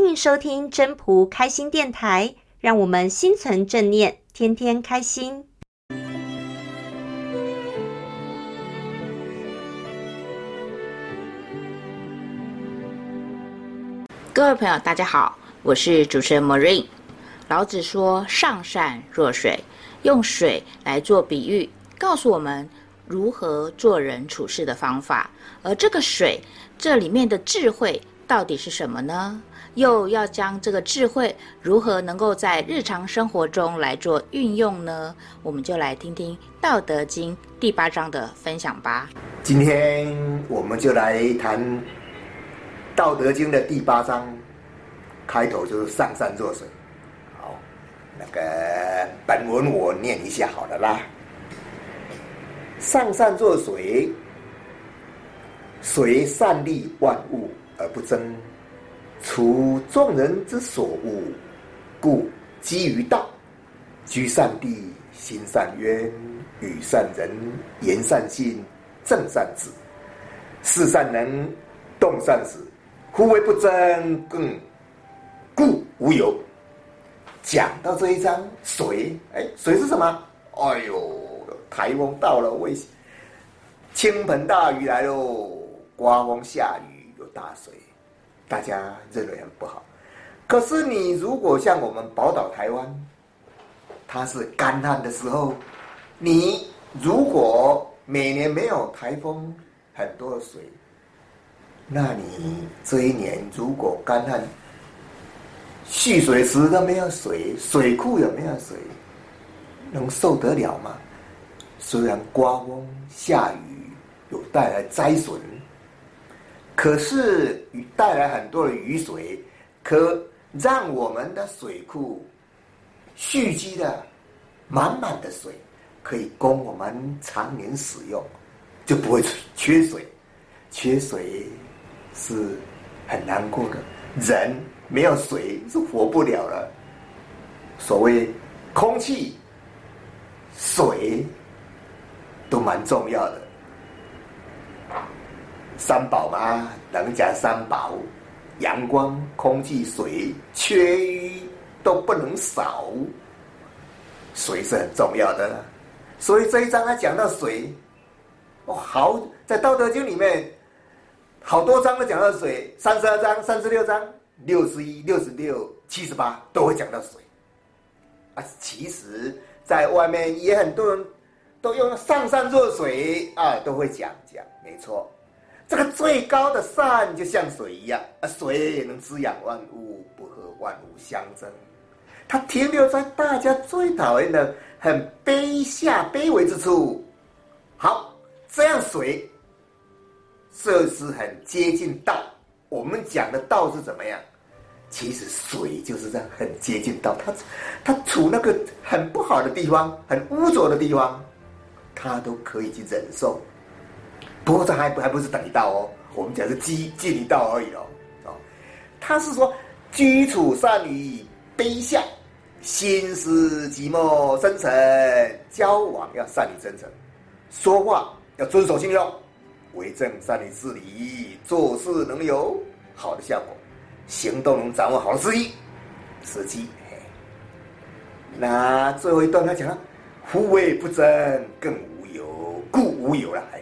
歡迎收聽真樸開心電台，讓我們心存正念，天天開心。各位朋友，大家好，我是主持人 Marine。老子說：“上善若水”，用水來做比喻，告訴我們如何做人處事的方法。而這個水，這裡面的智慧到底是什麼呢？又要將這個智慧如何能夠在日常生活中來做運用呢？我們就來聽聽《道德經》第八章的分享吧。今天我們就來談《道德經》的第八章，開頭就是“上善若水”。好，那個本文我念一下，好了啦。上善若水，水善利萬物而不爭。處眾人之所惡，故幾於道。居善地，心善淵，與善人，言善信，正善治，事善能，動善時。夫唯不爭，故故無尤。講到這一章，水，哎，水是什麼？哎呦，台風到了，為傾盆大雨來嘍，刮風下雨有大水。大家認為很不好，可是你如果像我們寶島台灣，它是乾旱的時候，你如果每年沒有颱風，很多的水，那你這一年如果乾旱，蓄水池都沒有水，水庫也沒有水，能受得了嗎？雖然刮風下雨，有帶來災損。可是帶來很多的雨水，可讓我們的水庫蓄積的滿滿的水，可以供我們常年使用，就不會缺水。缺水是很難過的，人沒有水是活不了的，所謂空氣、水都蠻重要的。三寶嘛，能講三寶，陽光、空氣、水，缺一都不能少。水是很重要的，所以這一章它講到水。哦，好，在道德經裡面好多章都講到水，三十二章、三十六章、六十一、六十六、七十八都會講到水。啊，其實在外面也很多人都用“上善若水”啊，都會講講，沒錯。這個最高的善就像水一樣啊，水也能滋養萬物，不和萬物相爭，它停留在大家最討厭的、很卑下、卑微之處。好，這樣水，這是很接近道。我們講的道是怎麼樣？其實水就是這樣，很接近道。它，它處那個很不好的地方、很污濁的地方，它都可以去忍受。還不過，這還還不是等於道哦，我們講是幾近於道而已哦。哦，他是說，居處善於卑下，心思寂寞深沉，交往要善於真誠，說話要遵守信用，哦，為政善於治理，做事能有好的效果，行動能掌握好的時機，時機。那最後一段他講了，夫唯不爭更無尤，故無尤了。欸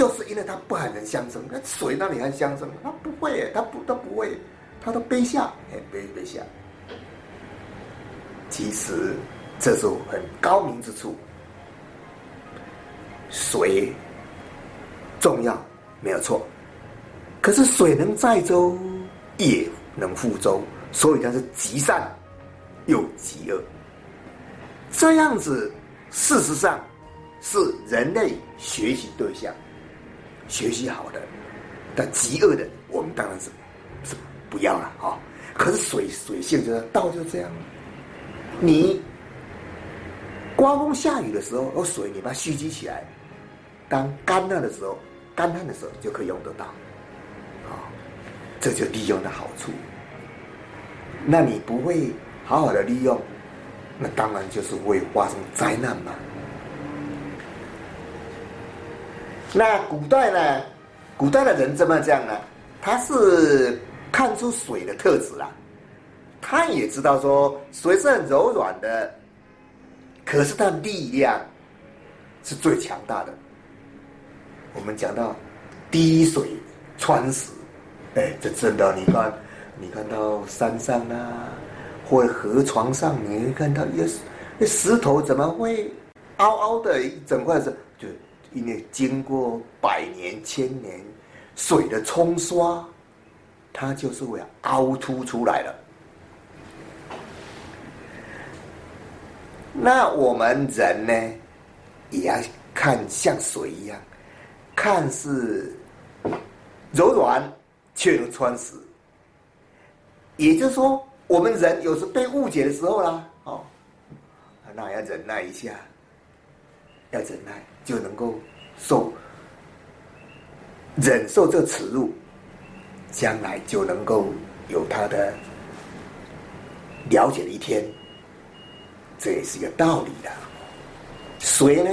就是因為他不和人相爭，那水哪裡還相爭？他不會，他不，他不會，他都卑下，哎，卑卑下。其實這是我很高明之處，水重要沒有錯，可是水能載舟，也能覆舟，所以它是極善又極惡。這樣子，事實上是人類學習對象。學習好的，但極惡的，我們當然是是不要了啊、哦！可是水水性就是道，就是這樣了，你颳風下雨的時候，有水你把它蓄積起來，當乾旱的時候，乾旱的時候就可以用得到，啊、哦，這就利用的好處。那你不會好好的利用，那當然就是會發生災難嘛。那古代呢？古代的人怎麼這樣呢？他是看出水的特質啊，他也知道說水是很柔軟的，可是它力量是最強大的。我們講到滴水穿石，哎、欸，這真的，你看，你看到山上啊，或者河床上，你會看到那石頭怎麼會凹凹的一整塊石，就。因為經過百年、千年水的沖刷，它就是會凹凸出來了。那我們人呢，也要看像水一樣，看似柔軟，卻又穿石。也就是說，我們人有時被誤解的時候啦、啊，哦，那要忍耐一下，要忍耐。就能夠受忍受這恥辱，將來就能夠有他的了解的一天，這也是一個道理的。所以呢，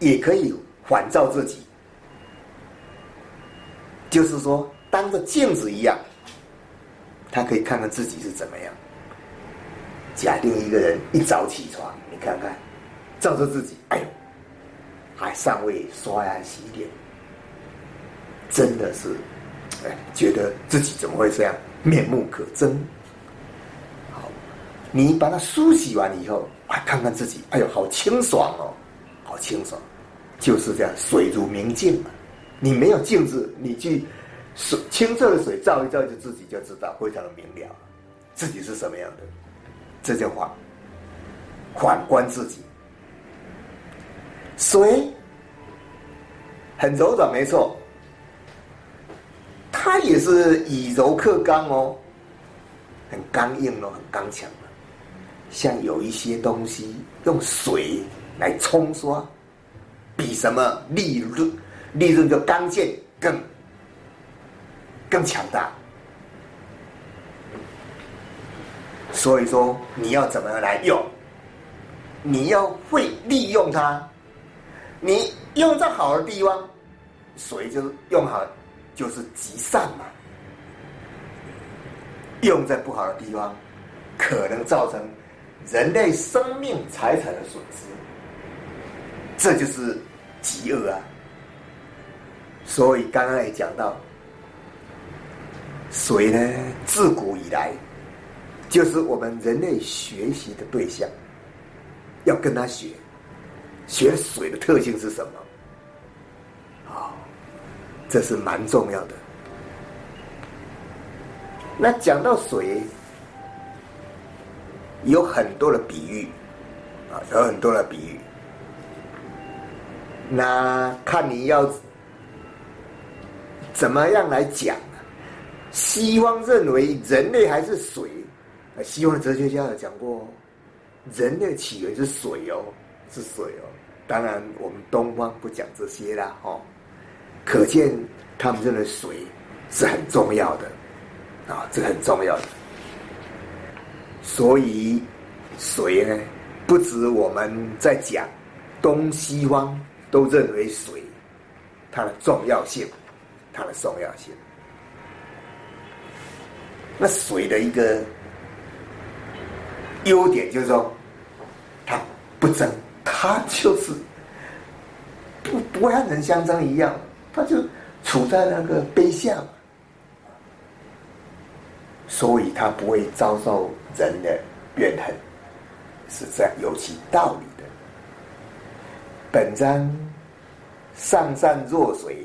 也可以反照自己，就是說當着鏡子一樣，他可以看看自己是怎麼樣。假定一個人一早起床，你看看照着自己，哎呦，還尚未刷牙洗臉，真的是，哎，覺得自己怎麼會這樣面目可憎？好，你把它梳洗完以後，哎，看看自己，哎呦，好清爽哦，好清爽，就是這樣，水如明鏡嘛、啊。你沒有鏡子，你去水清澈的水照一照，就自己就知道，非常的明了，自己是什麼樣的這。這句話，反觀自己。水很柔軟，沒錯，它也是以柔克剛哦，很剛硬哦，很剛強。像有一些東西用水來沖刷，比什麼利潤、利潤的剛勁更更強大。所以說，你要怎麼來用？你要會利用它。你用在好的地方，水就是用好，就是積善嘛。用在不好的地方，可能造成人類生命財產的損失，這就是積惡啊。所以剛剛也講到，水呢，自古以來就是我們人類學習的對象，要跟他學。學水的特性是什麼？啊，哦，這是蠻重要的。那講到水，有很多的比喻，啊，哦，有很多的比喻。那看你要怎麼樣來講啊？西方認為人類還是水，啊，西方的哲學家有講過，人類起源是水哦，是水哦。當然，我們東方不講這些了，哦，可見他們認為水是很重要的，啊、哦，這很重要的。所以水呢，不止我們在講，東西方都認為水它的重要性，它的重要性。那水的一個優點就是說，它不爭，它就是。不和人相爭一樣，他就處在那個卑下，所以他不會遭受人的怨恨，是這樣有其道理的。本章上善若水，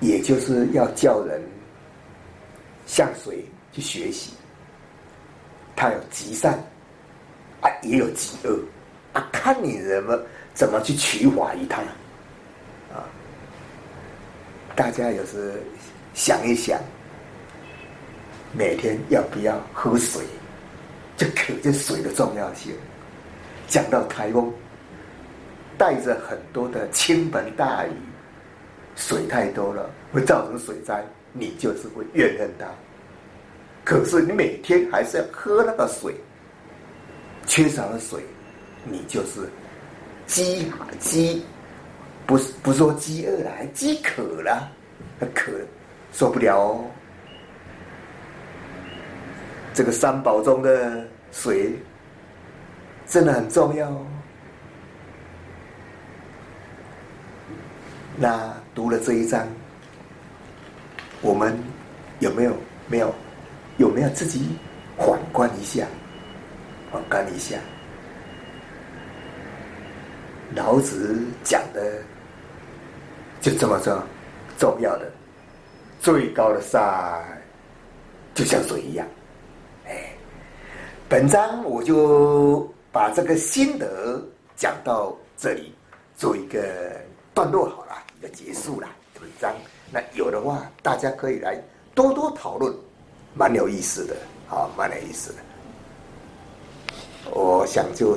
也就是要教人向水去學習，他有極善，啊，也有極惡。啊、看你怎麼怎麼去取法於他，啊！大家有時想一想，每天要不要喝水？就可見水的重要性。講到台風，帶着很多的傾盆大雨，水太多了會造成水災，你就是會怨恨他。可是你每天還是要喝那個水，缺少了水。你就是飢飢，飢，不是不說飢餓了，還飢渴了，還渴受不了哦。這個三寶中的水真的很重要哦。那讀了這一章，我們有沒有沒有有沒有自己反觀一下，反觀一下？老子講的就這麼重重要的最高的善，就像水一樣。哎，本章我就把這個心得講到這裡，做一個段落好了，一個結束了。文章那有的話，大家可以來多多討論，蠻有意思的，好，蠻有意思的。我想就。